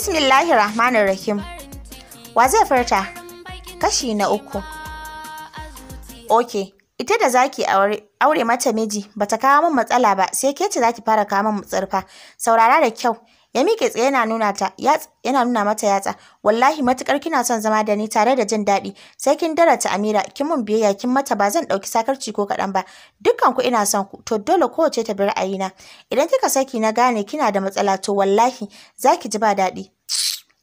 Bismillahir Rahmanir Rahim. Wa zai furta? Kashi na uku. Oke, ita da zaki aure mata miji bata kawo min matsala ba sai ke ce ki fara kawo min tsirfa. Saurara da kyau, ya miƙe tsaye yana nuna ta yana nuna mata yatsa wallahi matukar kina son zama da ni tare da jin daɗi sai kin darata Amira kin mun biyayya kin mata ba zan ɗauki sakarci ko kaɗan ba dukkan ku ina son ku to dole kowace ta bi ra'ayina idan kika saki na gane kina da matsala to wallahi za ki ji ba daɗi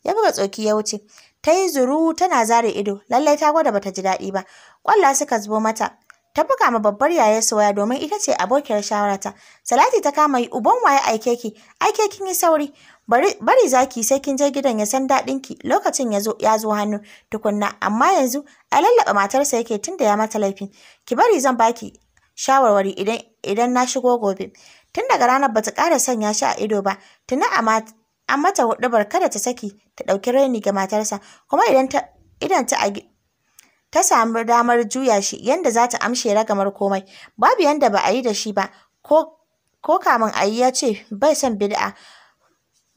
ya buga tsoki ya wuce ta yi zuru tana zare ido lallai ta gwada bata ji daɗi ba ƙwalla suka zubo mata ta buga ma babbar yaya soya domin ita ce abokiyar shawarata. Salati ta kama yi uban waye aike ki, aike kin yi sauri. Bari zaki sai kin je gidan ya san daɗin ki lokacin ya zo ya zo hannu tukunna amma yanzu a lallaba matarsa yake tunda ya mata laifi. Ki bari zan baki shawarwari idan idan na shigo gobe. Tun daga ranar bata ƙara sanya shi a ido ba, tuna a mata huɗubar kada ta saki ta ɗauki raini ga matarsa kuma idan ta idan ta ta samu damar juya shi yadda za ta amshe ragamar komai babu yadda ba a yi da shi ba ko ko kamin a yi ya ce bai son bid'a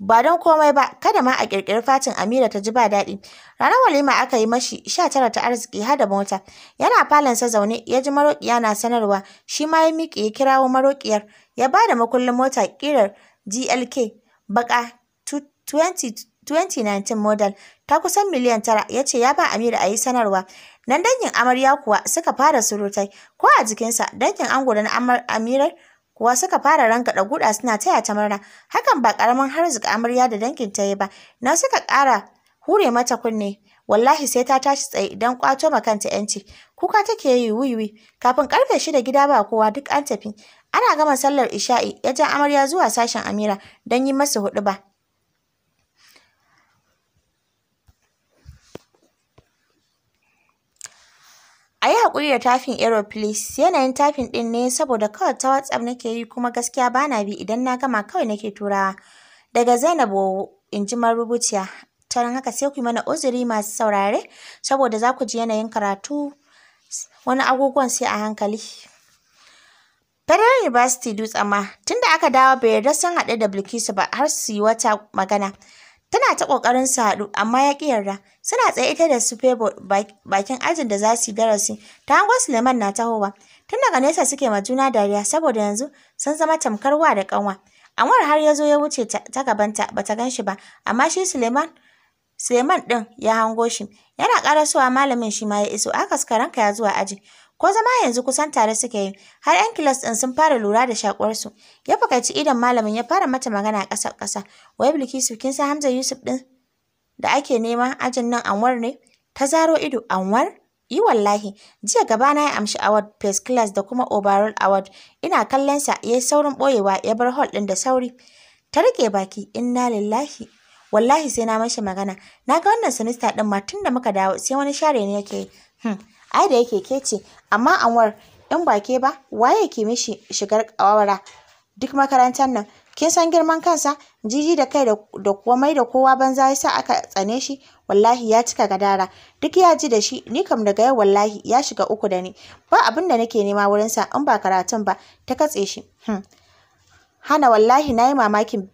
ba don komai ba kada ma a ƙirƙiri fatin Amira ta ji ba daɗi ranar walima aka yi mashi sha tara ta arziki har da mota yana falansa zaune ya ji maroƙiya na sanarwa shi ma ya miƙe ya kirawo maroƙiyar ya ba da makullin mota ƙirar GLK baƙa 2019 model ta kusan miliyan tara ya ce ya ba Amira a yi sanarwa. Nan dangin amarya kuwa suka fara surutai ko a jikinsa dangin ango da na Amirar kuwa suka fara rangaɗa guda suna taya ta murna hakan ba karamin harzika amarya da dangin ta yi ba na suka kara hure mata kunne wallahi sai ta tashi tsaye idan kwato ma kanta yanci kuka take yi wiwi kafin karfe shida gida ba kowa duk an tafi ana gama sallar isha'i ya ja amarya zuwa sashen amira don yi masa ba. A yi haƙuri da tafin aeroplace yanayin tafin ɗin ne saboda kawai ta WhatsApp nake yi kuma gaskiya bana na bi idan na gama kawai nake turawa. Daga Zainab in ji marubuciya, ta haka sai ku yi mana uzuri masu saurare saboda za ku ji yanayin karatu wani agogon sai a hankali. Federal University Dutse ma, tunda aka dawo bai yarda sun haɗu da Bilkisu ba har su yi wata magana. Tana ta ƙoƙarin su amma ya ƙi yarda. Suna tsaye ita da su Febo bakin ajin da za su darasi. Ta hango Suleiman na tahowa. Tun daga nesa suke ma juna dariya saboda yanzu sun zama tamkar wa da ƙanwa. amar har ya zo ya wuce ta gabanta bata gan shi ba, amma shi Suleiman Suleiman ɗin ya hango shi. Yana ƙarasowa malamin shi ma ya iso, aka ranka ya zuwa aji. Ko zama yanzu kusan tare suke yi, har 'yan kilas ɗin sun fara lura da shakuwarsu. Ya fakaici idon malamin ya fara mata magana ƙasa-ƙasa. Wai Bilkisu kin san Hamza Yusuf ɗin da ake nema ajin nan Anwar ne? Ta zaro ido Anwar? Yi wallahi, jiya gaba na ya amshi award first class da kuma overall award. Ina kallon sa ya saurin boyewa ya bar hall ɗin da sauri. Ta rike baki inna lillahi wallahi sai na mashi magana na ga wannan sinista din ma tun da muka dawo sai wani share ne yake hmm ai da yake ke ce amma anwar in ba ke ba waye ke mishi shigar kawara duk makarantar nan kin san girman kansa jiji da kai da kuma mai da kowa banza yasa aka tsane shi wallahi ya cika gadara duk ya ji da shi ni kam daga yau wallahi ya shiga uku da ni ba abin da nake nema wurin sa in ba karatun ba ta katse shi hmm. hana wallahi na yi mamakin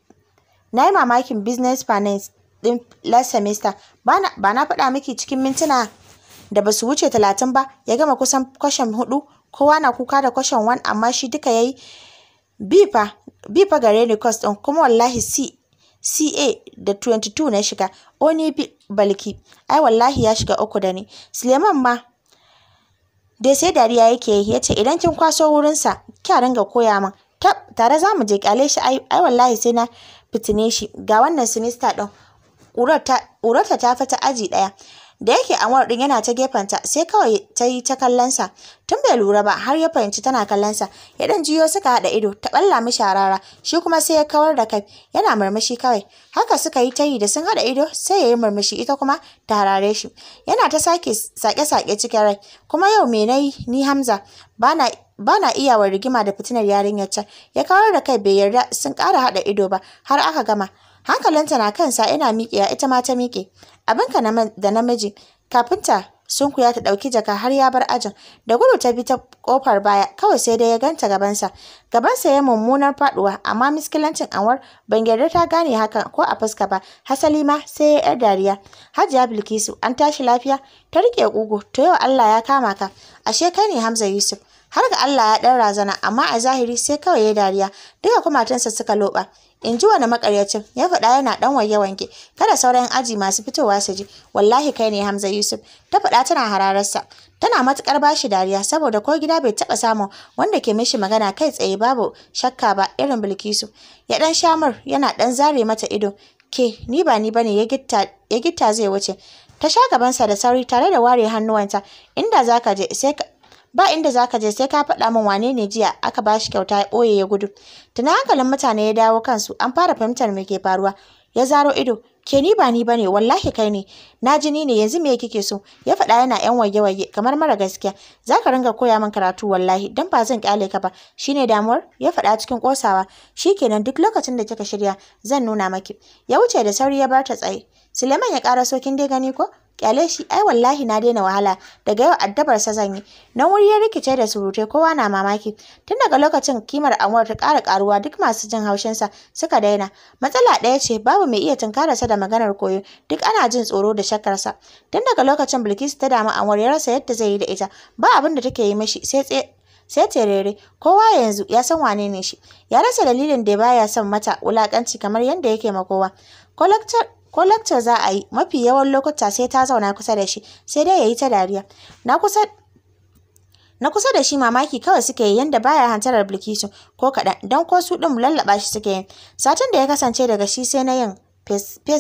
na mamakin business finance din last semester ba na faɗa miki cikin mintuna da basu wuce talatin ba ya gama kusan kwashen hudu kowa na kuka da kwashen wan amma shi duka ya yi bifa gare ni ɗin kuma wallahi si CA da 22 na shiga, Oni Balki, ai wallahi ya shiga uku da ni. Suleiman ma, da sai dariya yake yi, ya ce idan kin kwaso wurinsa, kya ringa koya min. tare za mu je kyale shi, ai wallahi sai na fitine shi, ga wannan sinista ɗin. Urata ta ta aji ɗaya. da yake Anwar din yana ta gefenta sai kawai ta yi ta kallonsa tun bai lura ba har ya fahimci tana kallonsa ya dan jiyo suka haɗa ido ta balla mishi harara shi kuma sai ya kawar da kai yana murmushi kawai haka suka yi ta yi da sun haɗa ido sai ya yi murmushi ita kuma ta harare shi yana ta sake sake-sake cikin rai kuma yau me nayi ni Hamza bana ba na iya rigima da fitinar yarinyar can ya kawar da kai bai yarda sun ƙara haɗa ido ba har aka gama hankalinta na kansa ina ya ita ma ta miƙe abinka da namiji kafinta kuya ta ɗauki jaka har ya bar ajin da gudu ta bi ta ƙofar baya kawai sai dai ya ganta gabansa gabansa ya mummunar faɗuwa amma miskilancin anwar ban yarda ta gane hakan ko a fuska ba hasali ma sai ya yar dariya hajiya bilkisu an tashi lafiya ta riƙe ƙugu to yau allah ya kama ka ashe kai ne hamza yusuf har ga allah ya ɗan razana amma a zahiri sai kawai ya dariya duka kumatunsa suka loɓa in ji wani makaryacin ya faɗa yana ɗan waye wanke kada sauran aji masu fitowa su ji wallahi kai ne Hamza Yusuf ta faɗa tana hararsa tana matukar bashi dariya saboda ko gida bai taɓa samun wanda ke mishi magana kai tsaye babu shakka ba irin Bilkisu ya ɗan shamar yana ɗan zare mata ido ke ni ba ni bane ya ya gitta zai wuce ta sha gabansa da sauri tare da ware hannuwanta inda zaka je sai ba inda zaka je sai ka faɗa min wane ne jiya aka ba shi kyauta ya ɓoye ya gudu tunan hankalin mutane ya dawo kansu an fara fahimtar me ke faruwa ya zaro ido ke ni ba ni ba ne. wallahi kai ne na ji ni ne yanzu me kike so ya faɗa yana yan wage wage kamar mara gaskiya Za ka ringa koya min karatu wallahi dan ba zan kyale ka ba Shi ne damuwar ya faɗa cikin kosawa kenan duk lokacin da kika shirya zan nuna maki ya wuce da sauri ya bar ta tsaye Suleiman ya ƙara sokin dai gani ko kyale shi ai wallahi na daina wahala daga yau addabar sa zan yi nan wuri ya rikice da surute kowa na mamaki tun daga lokacin kimar amur ta kara karuwa duk masu jin haushin sa suka daina matsala ɗaya ce babu mai iya tunkara sa da maganar koyo duk ana jin tsoro da shakkar sa tun daga lokacin bilkis ta damu amur ya rasa yadda zai yi da ita ba abin da take yi mashi sai sai terere kowa yanzu ya san wane ne shi ya rasa dalilin da baya son mata wulakanci kamar yadda yake ma kowa ko lakcar za a yi mafi yawan lokuta sai ta zauna kusa da shi sai dai ya yi ta dariya na kusa da shi mamaki kawai suke yi yanda baya hantarar bilkisu ko kaɗan don ko su ɗin lallaɓa shi suke yi satin da ya kasance daga shi sai na yin pca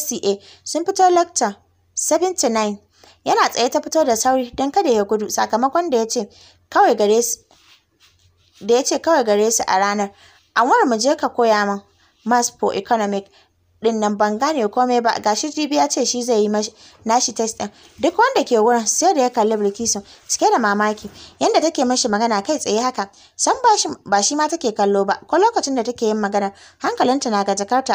sun fito lakta 79 yana tsaye ta fito da sauri don kada ya gudu sakamakon da ya ce kawai gare su a ranar anwar mu je ka koya min mass for economic ɗin nan ban gane komai ba gashi jibi ya ce shi zai yi nashi test ɗin duk wanda ke wurin sai da ya kalli bilkisu cike da mamaki yanda take mashi magana kai tsaye haka san ba shi ma take kallo ba ko lokacin da take yin magana hankalinta na ga jakarta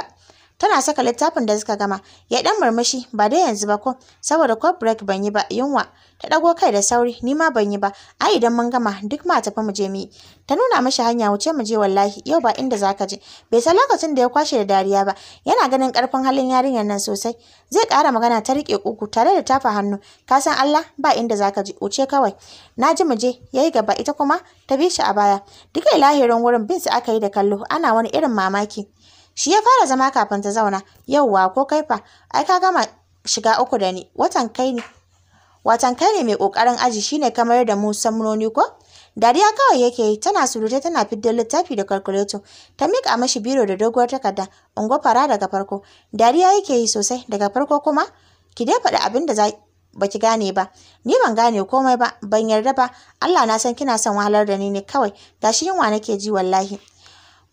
tana saka littafin da suka gama ya dan murmushi ba dai yanzu ba ko saboda ko break ban yi ba yunwa ta dago kai da sauri ni ma ban yi ba a idan mun gama duk ma tafi mu je mi ta nuna mashi hanya wuce mu je wallahi yau ba inda zaka je bai san lokacin da ya kwashe da dariya ba yana ganin karfin halin yarinyar nan sosai zai kara magana ta rike kuku tare da tafa hannu ka san Allah ba inda zaka je wuce kawai na ji mu je yayi gaba ita kuma ta bi shi a baya duka lahirin wurin bin su aka yi da kallo ana wani irin mamaki Shi ya fara zama kafin ta zauna, yauwa ko kai fa, ai ka gama shiga uku da ni, watan kai ne. Watan kai ne mai ƙoƙarin aji shine kamar da mu samnoni ko? Dariya kawai yake yi, tana surute tana fidda littafi da kalkuleto, ta miƙa mashi biro da doguwar takarda, ungo fara daga farko. Dariya yake yi sosai daga farko kuma, ki dai faɗi abin da ba ki gane ba ni ban gane komai ba ban yarda ba Allah na san kina son wahalar da ni ne kawai gashi yunwa nake ji wallahi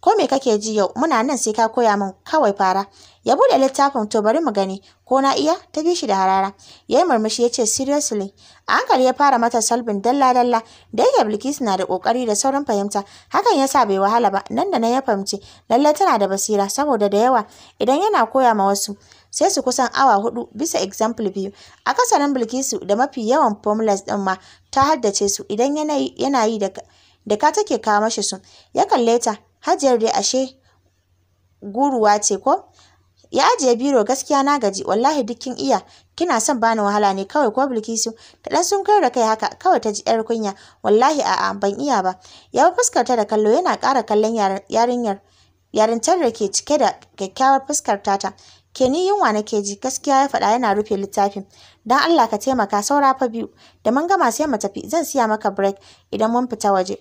ko me kake ji yau muna nan sai ka koya min kawai fara ya bude littafin to bari mu gani ko na iya ta bi shi da harara yayi murmushi yace seriously a hankali ya fara mata salbin dalla dalla da yake Bilkisu na da kokari da sauran fahimta hakan yasa bai wahala ba nan da nan ya fahimci lalle tana da basira saboda da yawa idan yana koya ma wasu sai su kusan awa hudu bisa example biyu A akasarin Bilkisu da mafi yawan formulas din ma ta haddace su idan yana yi da da ka take kawo mashi su ya kalle ta Hajiyar dai ashe guruwa ce ko? Ya ajiye biro gaskiya na gaji wallahi duk kin iya kina son bani wahala ne kawai ko Bilkisu ta dan kai da kai haka kawai ta ji yar kunya wallahi a'a ban iya ba ya fuskarta da kallo yana ƙara kallon yarinyar yarintar da ke cike da kyakkyawar fuskar tata ke ni yunwa nake ji gaskiya ya faɗa yana rufe littafin dan Allah ka taimaka saura fa biyu da mun gama sai mu tafi zan siya maka break idan mun fita waje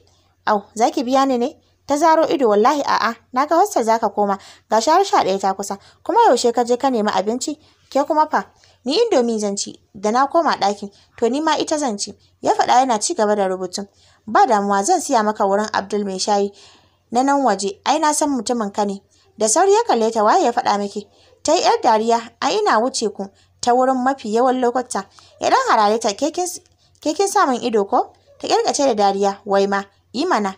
au zaki biya ni ne ta zaro ido wallahi a'a na ga wasta ka koma ga shahar sha ɗaya ta kusa kuma yaushe ka je ka nemi abinci ke kuma fa ni indomi zan ci da na koma ɗakin to ni ma ita zan ci ya faɗa yana ci gaba da rubutun ba damuwa zan siya maka wurin abdul mai shayi na nan waje ai na san mutumin ka ne da sauri ya kalle ta waye ya faɗa miki ta yi yar dariya ai ina wuce ku ta wurin mafi yawan lokuta idan harare ta ke kin samun ido ko ta kirkace da dariya wai ma Yi mana.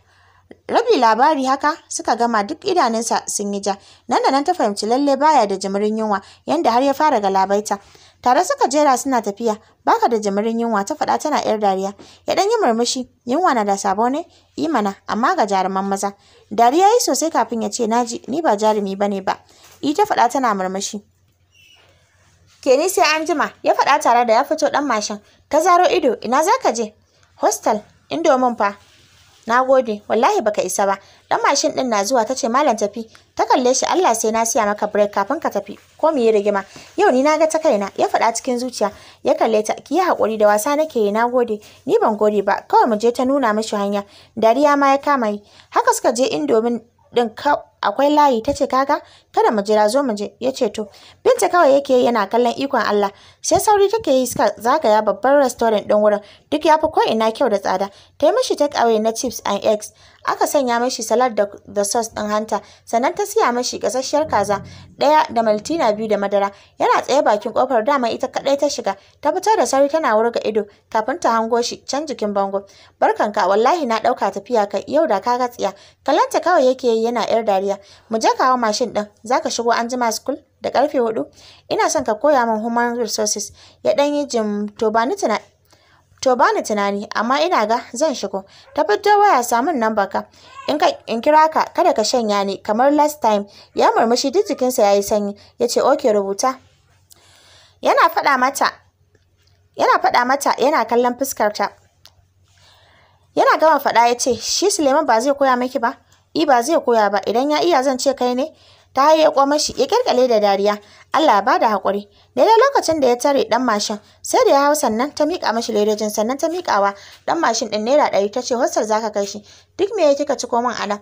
rabi labari haka suka gama duk idanunsa sun yi ja nan da nan ta fahimci lalle baya da jimirin yunwa yanda har ya fara galabaita tare suka jera suna tafiya baka da jimirin yunwa ta faɗa tana yar dariya ya ɗan yi murmushi yunwa na da sabo ne imana amma ga jaruman maza dariya yi sosai kafin ya ce naji ni ba jarumi ba ne ba ta faɗa tana murmushi Keni sai an jima ya faɗa tare da ya fito ɗan mashin. Ta zaro ido, ina za ka je? Hostel, indomin fa. Na gode, wallahi baka isa ba. Dan mashin din na zuwa tace malam tafi. Ta kalle shi Allah sai na siya maka break kafin ka tafi. Ko me ya rigima? Yau ni na ga ta kaina, ya faɗa cikin zuciya. Ya kalle ta, ki hakuri da wasa nake yi, gode Ni ban gode ba, kawai mu je ta nuna mishi hanya. Dariya ma ya kama yi. Haka suka je indomin din akwai layi tace kaga kada mu jira zo mu je yace to binta kawai yake yana kallon ikon Allah sai sauri take yi suka zagaya babban restaurant din wurin duk yafi ko ina kyau da tsada ta yi mashi take away na chips and eggs aka sanya mashi salad da, da sauce ɗin hanta sannan ta siya mashi gasasshiyar kaza ɗaya da maltina biyu da madara yana tsaye bakin kofar dama ita kadai ta shiga ta fitar da sauri tana wurga ido kafin ta hango shi can jikin bango barkanka wallahi na ɗauka tafiya kai yau da ka tsiya kalanta kawai yake yi yana yar dariya mu je kawo mashin ɗin zaka shigo anjima jima school da karfe hudu ina son ka koya min human resources ya ɗan yi jim to ba ni tana To ba ni tunani amma ina ga zan shigo. Ta fito waya samun nan In ka in kira ka kada ka shanya ni kamar last time. Ya murmushi duk jikinsa yayi sanyi. Yace okay rubuta. Yana faɗa mata yana faɗa mata yana kallon fuskarta. Yana gama faɗa ya ce shi Suleiman ba zai koya miki ba? I ba zai koya ba idan ya iya zan ce kai ne ta hayyako mashi ya kirkale da dariya Allah ya bada hakuri daidai lokacin da ya tare dan mashin sai da ya hau sannan ta mika mashi ledojin sannan ta mikawa dan mashin ɗin naira ɗari ta ce za zaka kai shi duk me ya kika ci min anan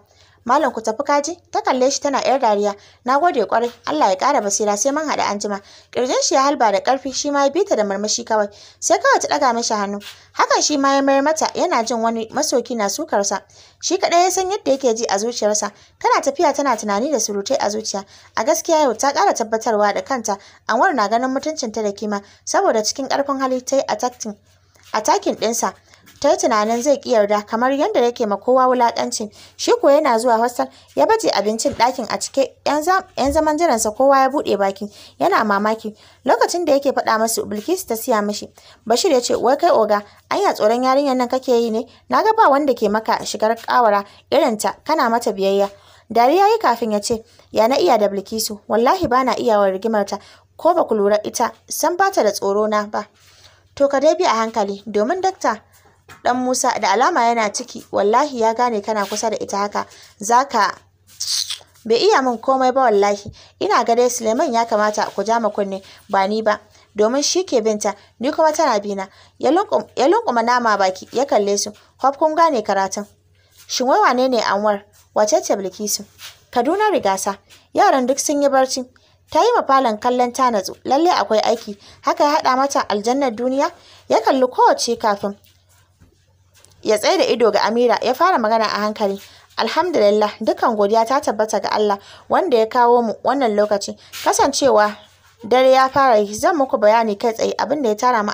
malam ku tafi kaji ta kalle shi tana yar dariya na gode kwarai Allah ya kara basira sai mun haɗa anjima kirjin shi ya halba da karfi shi ma ya bita da marmashi kawai sai kawai ta ɗaga mishi hannu hakan shi ma ya mayar mata yana jin wani masoki na sukarsa shi kaɗai ya san yadda yake ji a zuciyarsa tana tafiya tana tunani da surutai a zuciya a gaskiya yau ta kara tabbatarwa da kanta anwar na ganin mutuncinta da kima saboda cikin karfin hali ta yi takin ɗinsa ta yi tunanin zai ƙi yarda kamar yadda yake ma kowa wulaƙanci shi ko yana zuwa hostel ya baje abincin ɗakin a cike yan zaman jiransa kowa ya buɗe baki yana mamaki lokacin da yake faɗa masu bilkisu ta siya mashi. bashir ya ce wai kai oga anya tsoron yarinyar nan kake yi ne na ga ba wanda ke maka shigar ƙawara irinta kana mata biyayya dariya yi kafin ya ce ya na iya da bilkisu wallahi ba na iya wa rigimarta ko ba ku lura ita san ba ta da tsoro na ba to ka dai bi a hankali domin dakta Dan Musa da alama yana ciki, wallahi ya gane kana kusa da ita haka, zaka ka bai iya min komai ba wallahi ina ga dai Suleiman ya kamata ku ja ma kunne ba ni ba domin shi ke binta ni kuma tana bina ya lunkuma nama baki ya kalle su hof kun gane karatun shin wai wane ne Anwar wace ce Bilkisu Kaduna rigasa yaran duk sun yi barci ta yi falon kallon ta natsu lalle akwai aiki haka ya haɗa mata aljannar duniya ya kalli kowace kafin ya tsaye da ido ga Amira ya fara magana a hankali. Alhamdulillah dukkan godiya ta tabbata ga Allah wanda ya kawo mu wannan lokaci. Kasancewa dare ya fara yi zan muku bayani kai tsaye abin da ya tara mu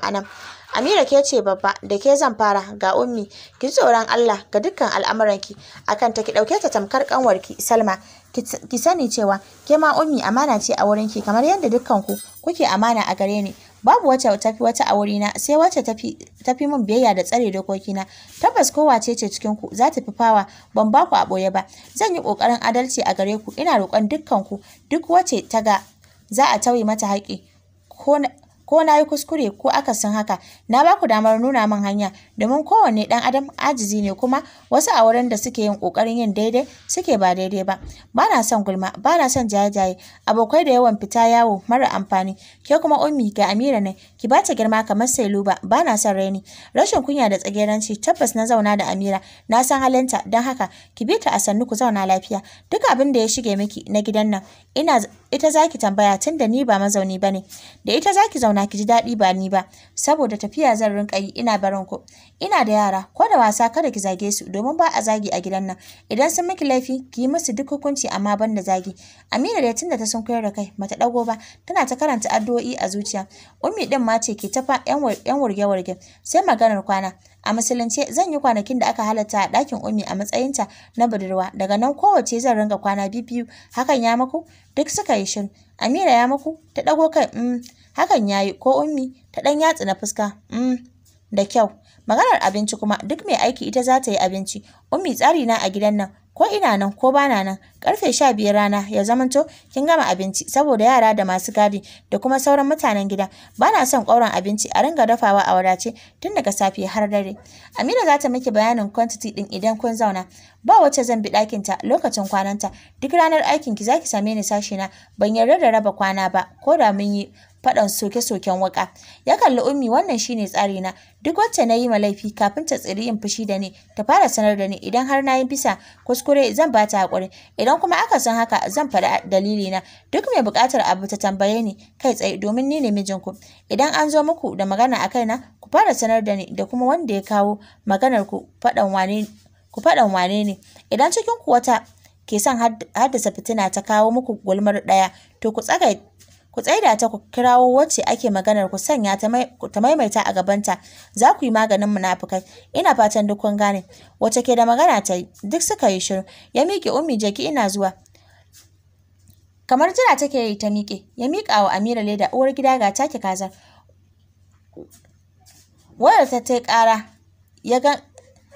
Amira ke ce babba da ke zan fara ga ummi ki tsoron Allah ga dukkan al'amuranki akan ta ki dauke ta tamkar kanwarki Salma ki sani cewa ke ma ummi amana ce a wurinki kamar yadda dukkan kuke amana a gare ni babu wacce ta fi wata a wurina sai wacce ta fi min biyayya da tsare dokokina tabbas kowace ce cikin ku za ta fi fawa ban ba ku a boye ba zan yi ƙoƙarin adalci a gare ku ina roƙon dukkan ku duk wacce ta ga za a tauye mata haƙƙi ko na yi kuskure ko akasin haka na ba ku damar nuna min hanya domin kowanne ɗan adam ajizi ne kuma wasu a wurin da suke yin ƙoƙarin yin daidai suke ba daidai ba ba na son gulma ba na son jaye-jaye abokai da yawan fita yawo mara amfani ke kuma ummi ga amira ne ki ba ta girma kamar luba ba na son raini rashin kunya da tsageranci tabbas na zauna da amira na san halinta don haka ki bi ta a sannu ku zauna lafiya duk abin da ya shige miki na gidan nan ina ita zaki tambaya tun da ni ba mazauni ba ne da ita zaki zauna ki ji daɗi ba ni ba saboda tafiya zan rinka yi ina barin ku ina da yara ko da wasa kada ki zage su domin ba a zagi a gidan nan idan sun miki laifi ki yi musu duk hukunci amma ban da zagi Amina da tunda ta sun koyar da kai bata dago ba tana ta karanta addu'o'i a zuciya ummi ɗin ma ce ke tafa fa yan wurge wurge sai maganar kwana a musulunce zan yi kwanakin da aka halatta a ɗakin ummi a matsayinta na budurwa daga nan kowace zan ringa kwana biyu biyu hakan ya maku duk suka yi shiru Amira ya maku ta ɗago kai mm, hakan ya yi ko ummi ta ɗan yatsu na fuska mm da kyau maganar abinci kuma duk mai aiki ita za ta yi abinci ummi tsari na a gidan nan ko ina nan ko bana nan karfe sha biyar rana ya zamanto kin gama abinci saboda yara da masu gadi da kuma sauran mutanen gida bana son ƙauran abinci a ringa dafawa a wadace tun daga safe har dare Amina za ta miki bayanin quantity din idan kun zauna ba wacce zan bi ɗakin ta lokacin kwananta duk ranar aikin ki zaki same ni sashina na ban yarda da raba kwana ba ko da mun yi faɗan soke-soken waka. Ya kalli ummi wannan shine tsari na. Duk wacce na yi ma laifi kafin ta tsiri yin fushi da ni, ta fara sanar da ni idan har na yi bisa kuskure zan ba ta haƙuri. Idan kuma aka san haka zan faɗi dalili na. Duk mai buƙatar abu ta tambaye ni kai tsaye domin ni ne mijinku. Idan an zo muku da magana a kaina, ku fara sanar da ni da kuma wanda ya kawo maganar ku faɗan wane ku faɗan wane ne. Idan cikin ku wata ke son haddasa fitina ta kawo muku gulmar ɗaya to ku tsaga ku tsaida ta ku kirawo wacce ake maganar ku sanya ta maimaita a gabanta za ku yi maganin munafukai ina fatan duk kun gane wacce ke da magana ta yi duk suka yi shiru ya miƙe ummi jeki ina zuwa kamar jira take yi ta miƙe ya miƙa wa amira leda uwar gida ga take kazar wayar ta ta ƙara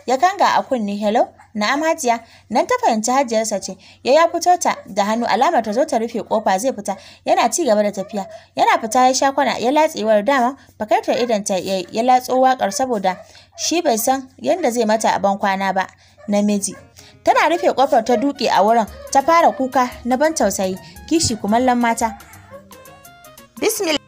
ya kanga a kunne hello na'am hajiya nan ta fahimci hajiyarsa ce ya ya fito ta da hannu alamar ta zo ta rufe kofa zai fita yana ci gaba da tafiya yana fita ya sha kwana ya latsewar dama fakartar idan ta ya latso wakar saboda shi bai san yadda zai mata a ban kwana ba namiji tana rufe kofar ta duke a wurin ta fara kuka na ban tausayi kishi kumallon mata bismillah